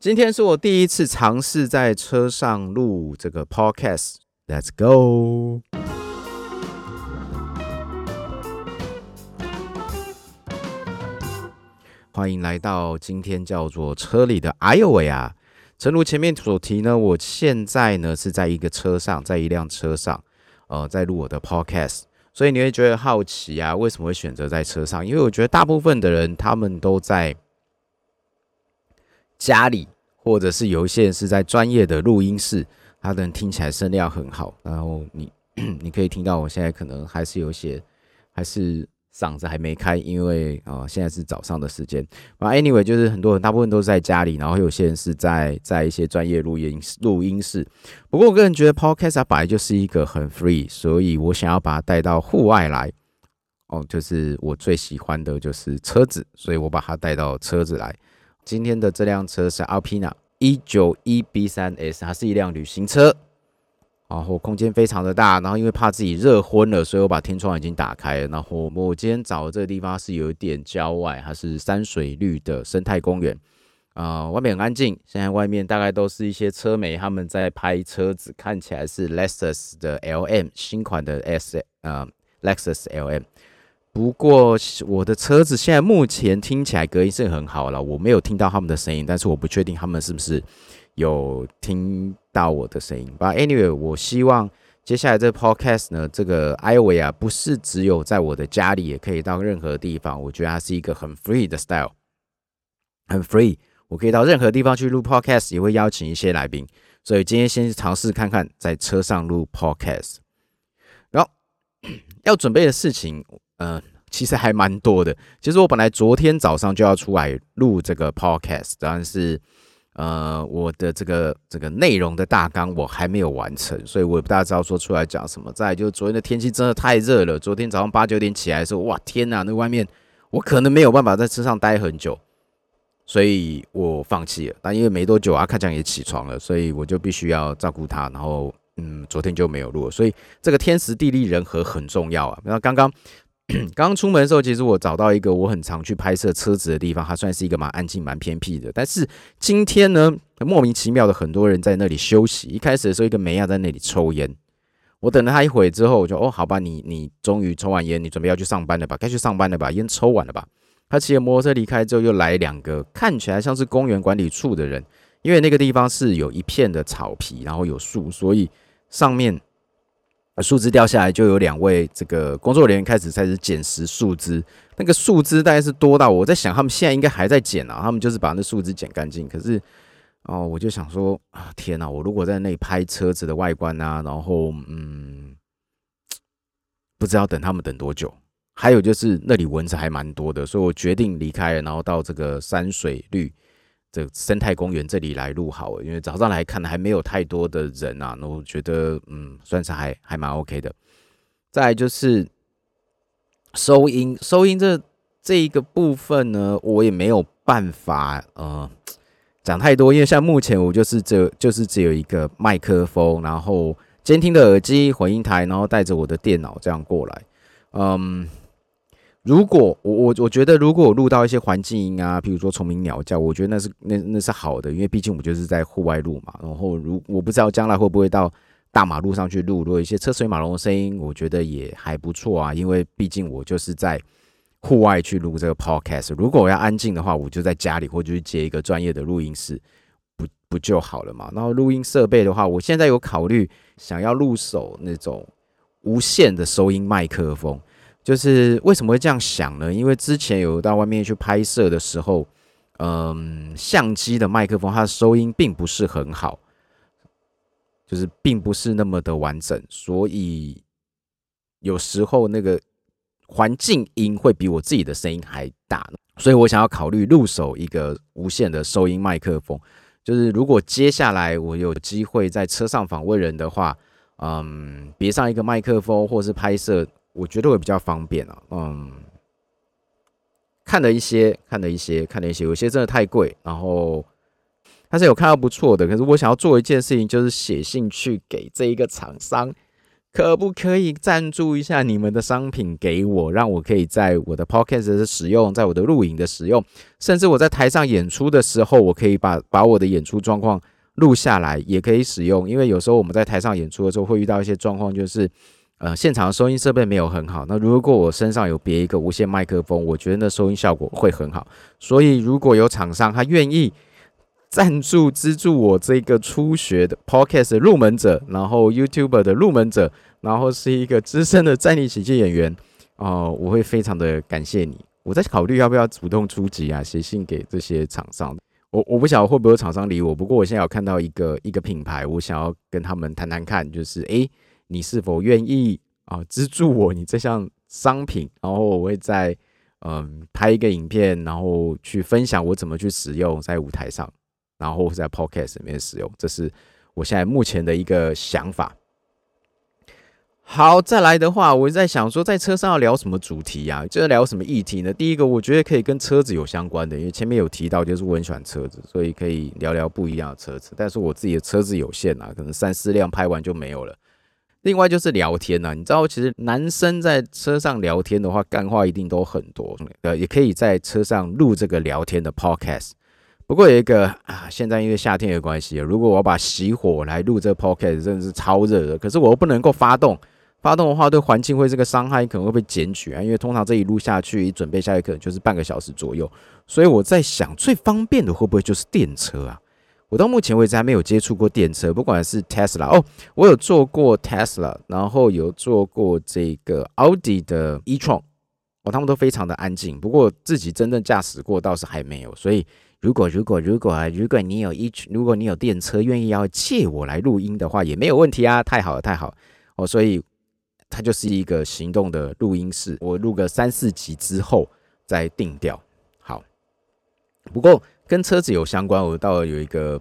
今天是我第一次嘗試在車上錄這個 podcast，Let's go！歡迎來到今天叫做《車裡的艾唷喂呀》，誠如前面所提呢，我現在呢是在一個車上，在一輛車上，呃，在錄我的 podcast，所以你會覺得好奇啊，為什麼會選擇在車上？因為我覺得大部分的人他們都在。家裡，或者是有些人是在專業的錄音室，他的聽起來聲量很好。然後你，你可以聽到我現在可能還是有些，還是嗓子還沒開，因為啊、哦，現在是早上的時間。啊，anyway，就是很多人大部分都是在家裡，然後有些人是在在一些專業錄音錄音室。不過我個人覺得 podcast、啊、本來就是一個很 free，所以我想要把它帶到戶外來。哦，就是我最喜歡的就是車子，所以我把它帶到車子來。今天的這輛車是 Alpina E91 B3 S，它是一輛旅行車，然後空間非常的大，然後因為怕自己熱昏了，所以我把天窗已經打開了。然後我今天找的這個地方是有點郊外，它是山水綠的生態公園啊、呃，外面很安靜。現在外面大概都是一些車媒他們在拍車子，看起來是 Lexus 的 LM 新款的 S，呃，Lexus LM。不過，我的車子現在目前聽起來隔音是很好了，我沒有聽到他們的聲音，但是我不確定他們是不是有聽到我的聲音。But anyway，我希望接下來這 podcast 呢，這個艾唷喂呀啊，不是只有在我的家裡，也可以到任何地方。我覺得它是一個很 free 的 style，很 free，我可以到任何地方去錄 podcast，也會邀請一些來賓。所以今天先嘗試看看在車上錄 podcast，然後 要準備的事情。呃，其實還蠻多的。其實我本來昨天早上就要出來錄這個 podcast，但是呃，我的這個這個內容的大綱我還沒有完成，所以我也不大知道說出來講什麼。再就是昨天的天氣真的太熱了，昨天早上八九點起來的時候，哇，天吶，啊，那外面我可能沒有辦法在車上待很久，所以我放棄了。但因為沒多久啊，Kang 也起床了，所以我就必須要照顧他。然後嗯，昨天就沒有錄了，所以這個天時地利人和很重要啊。那剛剛。剛剛出門的時候，其實我找到一個我很常去拍攝車子的地方，它算是一個蠻安靜、蠻偏僻的。但是今天呢，莫名其妙的很多人在那裡休息。一開始的時候，一個梅亞在那裡抽菸，我等了他一會之後，我就哦，好吧，你你終於抽完菸，你準備要去上班了吧？該去上班了吧？菸抽完了吧？他騎着摩托車離開之後，又來兩個看起來像是公園管理處的人，因為那個地方是有一片的草皮，然後有樹，所以上面。樹枝掉下來，就有兩位這個工作人員開始開始撿拾樹枝。那個樹枝大概是多大？我在想，他們現在應該還在撿啊。他們就是把那樹枝撿乾淨。可是，哦，我就想說啊，天哪，啊！我如果在那裡拍車子的外觀啊，然後嗯，不知道等他們等多久。還有就是那裡蚊子還蠻多的，所以我決定離開了，然後到這個山水綠。這生態公園這裡來錄好，因為早上來看還沒有太多的人啊，我覺得嗯，算是還還蠻 OK 的。再來就是收音，收音這這一個部分呢，我也沒有辦法呃講太多，因為像目前我就是這就是只有一個麥克風，然後監聽的耳機、混音台，然後帶着我的電腦這樣過來，嗯。如果，如果我我我覺得，如果我錄到一些環境音啊，譬如說蟲鳴鳥叫，我覺得那是那那是好的，因為畢竟我就是在戶外錄嘛。然後如我不知道將來會不會到大馬路上去錄，如果一些車水馬龍的聲音，我覺得也還不錯啊，因為畢竟我就是在戶外去錄這個 podcast。如果我要安靜的話，我就在家裡或者去接一個專業的錄音室，不不就好了嘛？然後錄音設備的話，我現在有考慮想要入手那種無線的收音麥克風。就是為什麼會這樣想呢？因為之前有到外面去拍攝的時候，嗯，相機的麥克風它的收音並不是很好，就是並不是那麼的完整，所以有時候那個環境音會比我自己的聲音還大，所以我想要考慮入手一個無線的收音麥克風。就是如果接下來我有機會在車上訪問人的話，嗯，別上一個麥克風或是拍攝。我覺得會比較方便啊。嗯，看了一些，看了一些，看了一些，有些真的太貴。然後，但是有看到不錯的。可是我想要做一件事情，就是寫信去給這一個廠商，可不可以贊助一下你們的商品給我，讓我可以在我的 podcast 的使用，在我的錄影的使用，甚至我在台上演出的時候，我可以把把我的演出狀況錄下來，也可以使用。因為有時候我們在台上演出的時候，會遇到一些狀況，就是。呃，現場的收音設備沒有很好。那如果我身上有別一個無線麥克風，我覺得那收音效果會很好。所以，如果有廠商他願意贊助資助我這個初學的 podcast 的入門者，然後 YouTuber 的入門者，然後是一個資深的站立喜劇演員，哦、呃，我會非常的感謝你。我在考慮要不要主動出擊啊，寫信給這些廠商。我我不曉得會不會有廠商理我。不過我現在有看到一個一個品牌，我想要跟他們談談看，就是哎。欸你是否願意啊資助我你這項商品。然後我會再嗯拍一個影片，然後去分享我怎麼去使用在舞台上，然後在 podcast 裡面使用。這是我現在目前的一個想法。好，再來的話，我在想說，在車上要聊什麼主題啊，就是聊什麼議題呢？第一個，我覺得可以跟車子有相關的，因為前面有提到，就是我很喜歡車子，所以可以聊聊不一樣的車子。但是我自己的車子有限啊，可能三四輛拍完就沒有了。另外，就是聊天啊，你知道，其實男生在車上聊天的話，幹話一定都很多。呃，也可以在車上錄這個聊天的 podcast。不過有一個啊，現在因為夏天的關係，如果我把熄火來錄這個 podcast，真的是超熱的。可是我又不能夠發動，發動的話對環境會這個傷害可能會被檢舉啊。因為通常這一錄下去，一準備下去可能就是半個小時左右。所以我在想，最方便的會不會就是電車啊？我到目前為止還沒有接觸過電車，不管是 Tesla 哦，我有坐過 Tesla 然後有坐過這個 Audi 的 e-tron，哦，他們都非常的安靜，不過自己真正駕駛過倒是還沒有。所以如果如果如果如果你有一，如果你有電車願意要借我來錄音的話，也沒有問題啊，太好了，太好了哦。所以它就是一個行動的錄音室，我錄個三四集之後再定調。好，不過。跟車子有相關，我倒有一個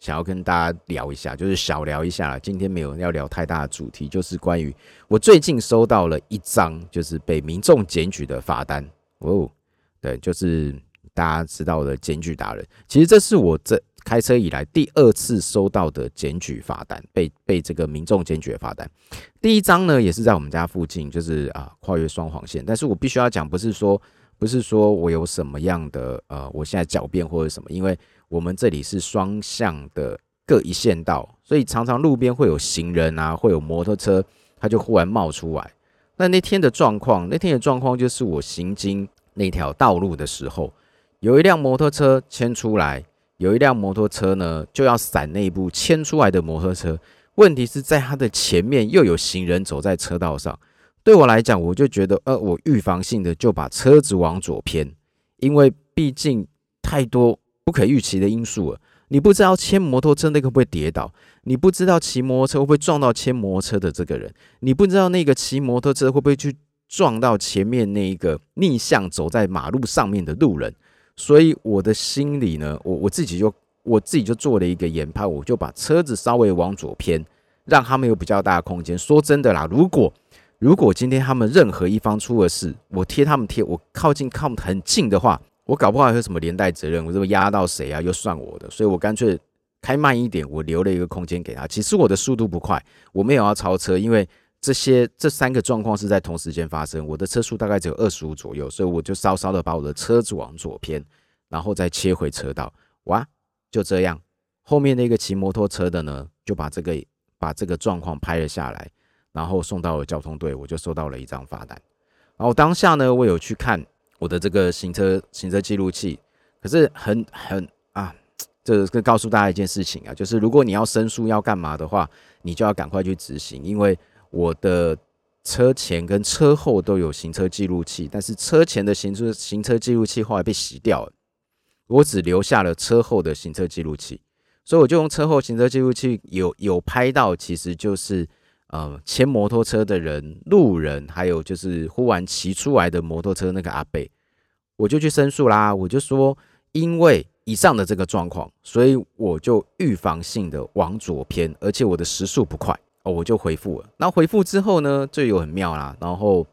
想要跟大家聊一下，就是小聊一下。今天沒有要聊太大的主題，就是關於我最近收到了一張就是被民眾檢舉的罰單哦，對，就是大家知道的檢舉達人。其實這是我這開車以來第二次收到的檢舉罰單，被被這個民眾檢舉的罰單。第一張呢也是在我們家附近，就是啊跨越雙黃線。但是我必須要講，不是說。不、就是說我有什麼樣的呃，我現在狡辯或者什麼，因為我們這裡是雙向的各一線道，所以常常路邊會有行人啊，會有摩托車，它就忽然冒出來。那那天的狀況，那天的狀況就是我行經那條道路的時候，有一輛摩托車牽出來，有一輛摩托車呢就要閃那一部牽出來的摩托車，問題是在它的前面又有行人走在車道上。對我來講，我就覺得，呃，我預防性的就把車子往左偏，因為畢竟太多不可預期的因素了。你不知道牽摩托車那個會不會跌倒，你不知道騎摩托車會不會撞到牽摩托車的這個人，你不知道那個騎摩托車會不會去撞到前面那個逆向走在馬路上面的路人。所以我的心裡呢，我我自己就我自己就做了一個研判，我就把車子稍微往左偏，讓他們有比較大的空間。說真的啦，如果如果今天他們任何一方出了事，我貼他們貼，我靠近靠很近的話，我搞不好有什麼連帶責任，我這麼壓到誰啊？又算我的，所以我乾脆開慢一點，我留了一個空間給他。其實我的速度不快，我沒有要超車，因為這些這三個狀況是在同時間發生，我的車速大概只有二十五左右，所以我就稍稍的把我的車子往左偏，然後再切回車道。哇，就這樣，後面那個騎摩托車的呢，就把這個把這個狀況拍了下來。然後送到了交通隊，我就收到了一張罰單。然後當下呢，我有去看我的這個行車行車記錄器，可是很很啊，這是、個、告訴大家一件事情啊，就是如果你要申訴要幹嘛的話，你就要趕快去執行，因為我的車前跟車後都有行車記錄器，但是車前的行車行車記錄器後來被洗掉了，我只留下了車後的行車記錄器，所以我就用車後行車記錄器有有拍到，其實就是。呃，騎摩托車的人、路人，還有就是忽然騎出來的摩托車那個阿伯，我就去申訴啦。我就說，因為以上的這個狀況，所以我就預防性的往左偏，而且我的時速不快哦，我就回復了。那回復之後呢，這有很妙啦。然後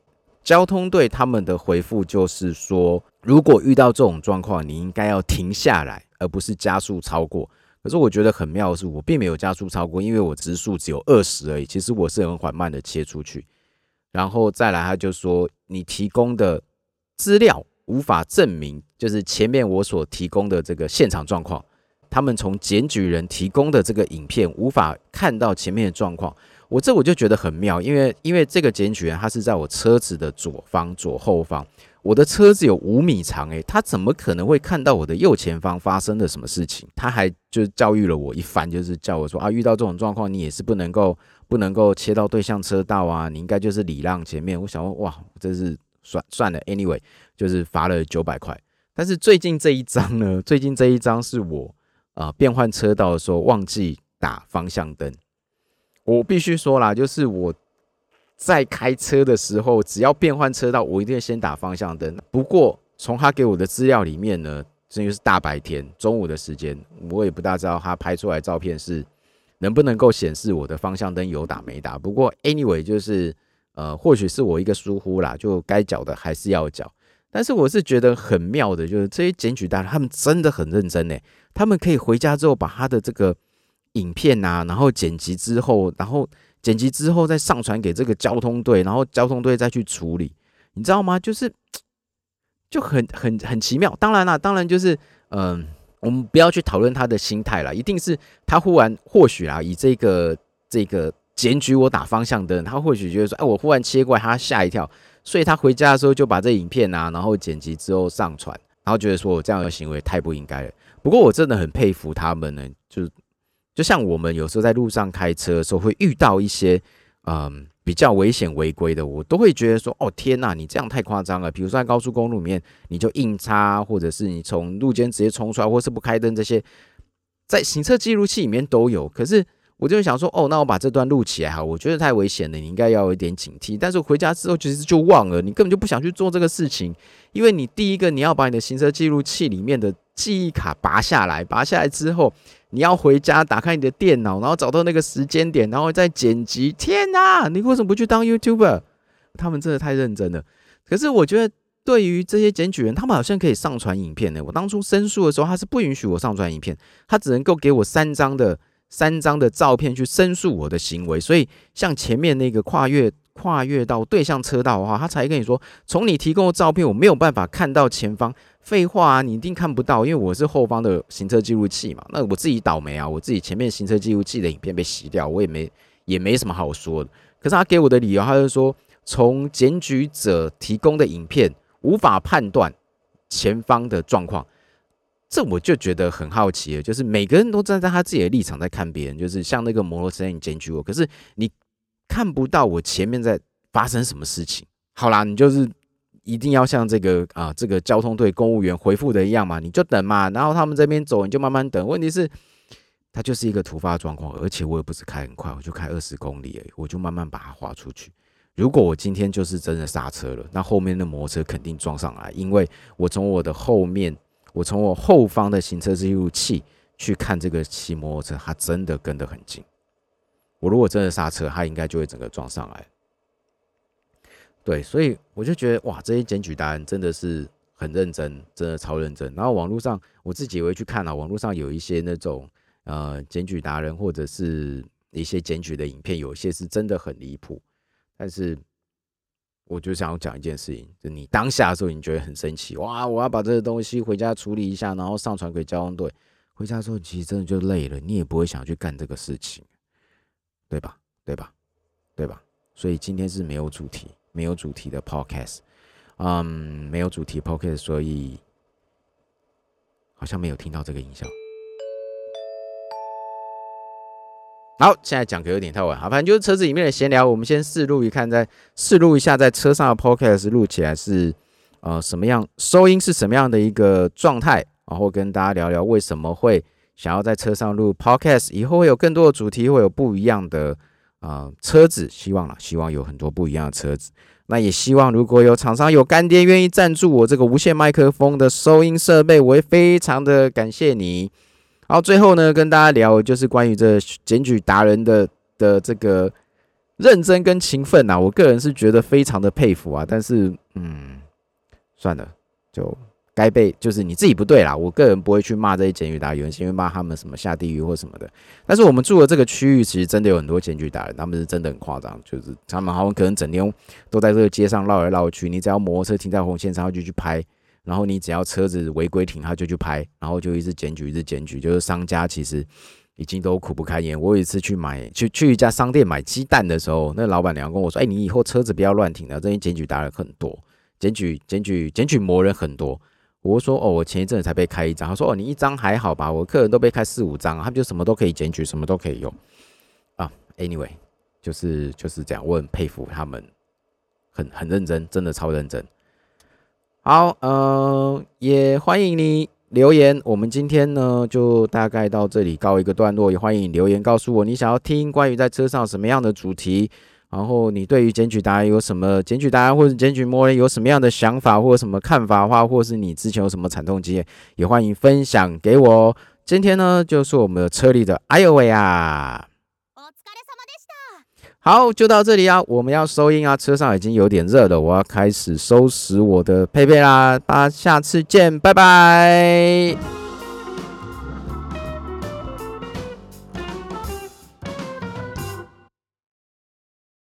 交通隊他們的回復就是說，如果遇到這種狀況，你應該要停下來，而不是加速超過。可是我覺得很妙的是，我並沒有加速超過，因為我時速只有二十而已。其實我是很緩慢的切出去，然後再來，他就說你提供的資料無法證明，就是前面我所提供的這個現場狀況。他們從檢舉人提供的這個影片無法看到前面的狀況，我這我就覺得很妙，因為因為這個檢舉人他是在我車子的左方、左後方。我的車子有五米長欸，他怎麼可能會看到我的右前方發生了什麼事情？他還就教育了我一番，就是叫我說啊，遇到這種狀況你也是不能夠不能夠切到對向車道啊，你應該就是禮讓前面。我想說，哇，這是算算了，anyway，就是罰了九百塊。但是最近這一張呢，最近這一張是我啊變換車道的時候忘記打方向燈。我必須說啦，就是我。在開車的時候，只要變換車道，我一定先打方向燈。不過，從他給我的資料裡面呢，這就是大白天中午的時間，我也不大知道他拍出來的照片是能不能夠顯示我的方向燈有打沒打。不過，anyway，就是呃，或許是我一個疏忽啦，就該繳的還是要繳。但是，我是覺得很妙的，就是這些檢舉達人他們真的很認真呢，欸，他們可以回家之後把他的這個影片啊，然後剪輯之後，然後。剪輯之後再上傳給這個交通隊，然後交通隊再去處理，你知道嗎？就是就很很很奇妙。當然啦，當然就是，嗯、呃，我們不要去討論他的心態啦，一定是他忽然或許啊，以這個這個檢舉我打方向燈，他或許覺得說，哎、欸，我忽然切過來，他嚇一跳，所以他回家的時候就把這影片啊，然後剪輯之後上傳，然後覺得說我這樣的行為太不應該了。不過我真的很佩服他們呢，就是。就像我們有時候在路上開車的時候，會遇到一些嗯比較危險違規的，我都會覺得說，哦天吶，你這樣太誇張了。比如說在高速公路裡面，你就硬插，或者是你從路肩直接衝出來，或是不開燈，這些在行車記錄器裡面都有。可是我就會想說，哦，那我把這段錄起來好，我覺得太危險了，你應該要有一點警惕。但是回家之後，其實就忘了，你根本就不想去做這個事情，因為你第一個你要把你的行車記錄器裡面的記憶卡拔下來，拔下來之後，你要回家打開你的電腦，然後找到那個時間點，然後再剪輯。天哪、啊，你為什麼不去當 YouTuber？他們真的太認真了。可是我覺得，對於這些檢舉人，他們好像可以上傳影片呢。我當初申訴的時候，他是不允許我上傳影片，他只能夠給我三張的三張的照片去申訴我的行為。所以，像前面那個跨越跨越到對向車道的話，他才跟你說，從你提供的照片，我沒有辦法看到前方。廢話啊，你一定看不到，因為我是後方的行車記錄器嘛。那我自己倒霉啊，我自己前面行車記錄器的影片被洗掉，我也沒也沒什麼好說的。可是他給我的理由，他就說，從檢舉者提供的影片無法判斷前方的狀況，這我就覺得很好奇了，就是每個人都站在他自己的立場在看別人，就是像那個摩托車你檢舉我，可是你看不到我前面在發生什麼事情。好啦，你就是。一定要像這個啊、呃，這個交通隊公務員回復的一樣嘛，你就等嘛，然後他們這邊走，你就慢慢等。問題是，它就是一個突發狀況，而且我也不是開很快，我就開二十公里而已，我就慢慢把它劃出去。如果我今天就是真的剎車了，那後面的摩托車肯定撞上來，因為我從我的後面，我從我後方的行車記錄器去看，這個騎摩托車他真的跟得很近。我如果真的剎車，他應該就會整個撞上來。對，所以我就覺得哇，這些檢舉達人真的是很認真，真的超認真。然後網絡上我自己也會去看啊，網絡上有一些那種呃檢舉達人或者是一些檢舉的影片，有些是真的很離譜。但是我就想要講一件事情，就你當下的時候你覺得很生氣哇，我要把這個東西回家處理一下，然後上傳給交通隊。回家之後其實真的就累了，你也不會想要去幹這個事情，對吧？對吧？對吧？所以今天是沒有主題。沒有主題的 podcast，嗯，沒有主題 podcast，所以好像沒有聽到這個音效。好，現在講稿有點太晚，好吧，反正就是車子裡面的閒聊。我們先試錄一看，再試錄一下在車上的 podcast 錄起來是呃什麼樣，收音是什麼樣的一個狀態，然後跟大家聊聊為什麼會想要在車上錄 podcast，以後會有更多的主題，會有不一樣的。啊、嗯，車子，希望啦，希望有很多不一樣的車子。那也希望如果有廠商有乾爹願意贊助我這個無線麥克風的收音設備，我也非常的感謝你。然後最後呢，跟大家聊就是關於這檢舉達人的的這個認真跟勤奮吶，我個人是覺得非常的佩服啊。但是嗯，算了，就。該被就是你自己不對啦，我個人不會去罵這些檢舉達人，有因為罵他們什麼下地獄或什麼的。但是我們住的這個區域，其實真的有很多檢舉達人，他們是真的很誇張，就是他們好像可能整天都在這個街上繞來繞去。你只要摩托車停在紅線上，他就去拍；然後你只要車子違規停，他就去拍；然後就一直檢舉，一直檢舉。就是商家其實已經都苦不堪言。我有一次去買去去一家商店買雞蛋的時候，那老闆娘跟我說：“哎、欸，你以後車子不要亂停了，啊，這些檢舉達人很多，檢舉檢舉檢舉魔人很多。”我說哦，我前一陣子才被開一張。他說哦，你一張還好吧？我客人都被開四五張，他們就什麼都可以檢舉，什麼都可以用啊。Anyway，就是就是這樣，我很佩服他們，很很認真，真的超認真。好，嗯、呃，也歡迎你留言。我們今天呢，就大概到這裡告一個段落。也歡迎你留言告訴我你想要聽關於在車上什麼樣的主題。然後你對於檢舉達人有什麼檢舉達人，或者檢舉魔人有什麼樣的想法或者什麼看法的話，或者是你之前有什麼慘痛經驗，也歡迎分享給我。今天呢，就是我們的車裡的艾唷喂呀，好，就到這裡啊，我們要收音啊，車上已經有點熱了，我要開始收拾我的配備啦。大家下次見，拜拜。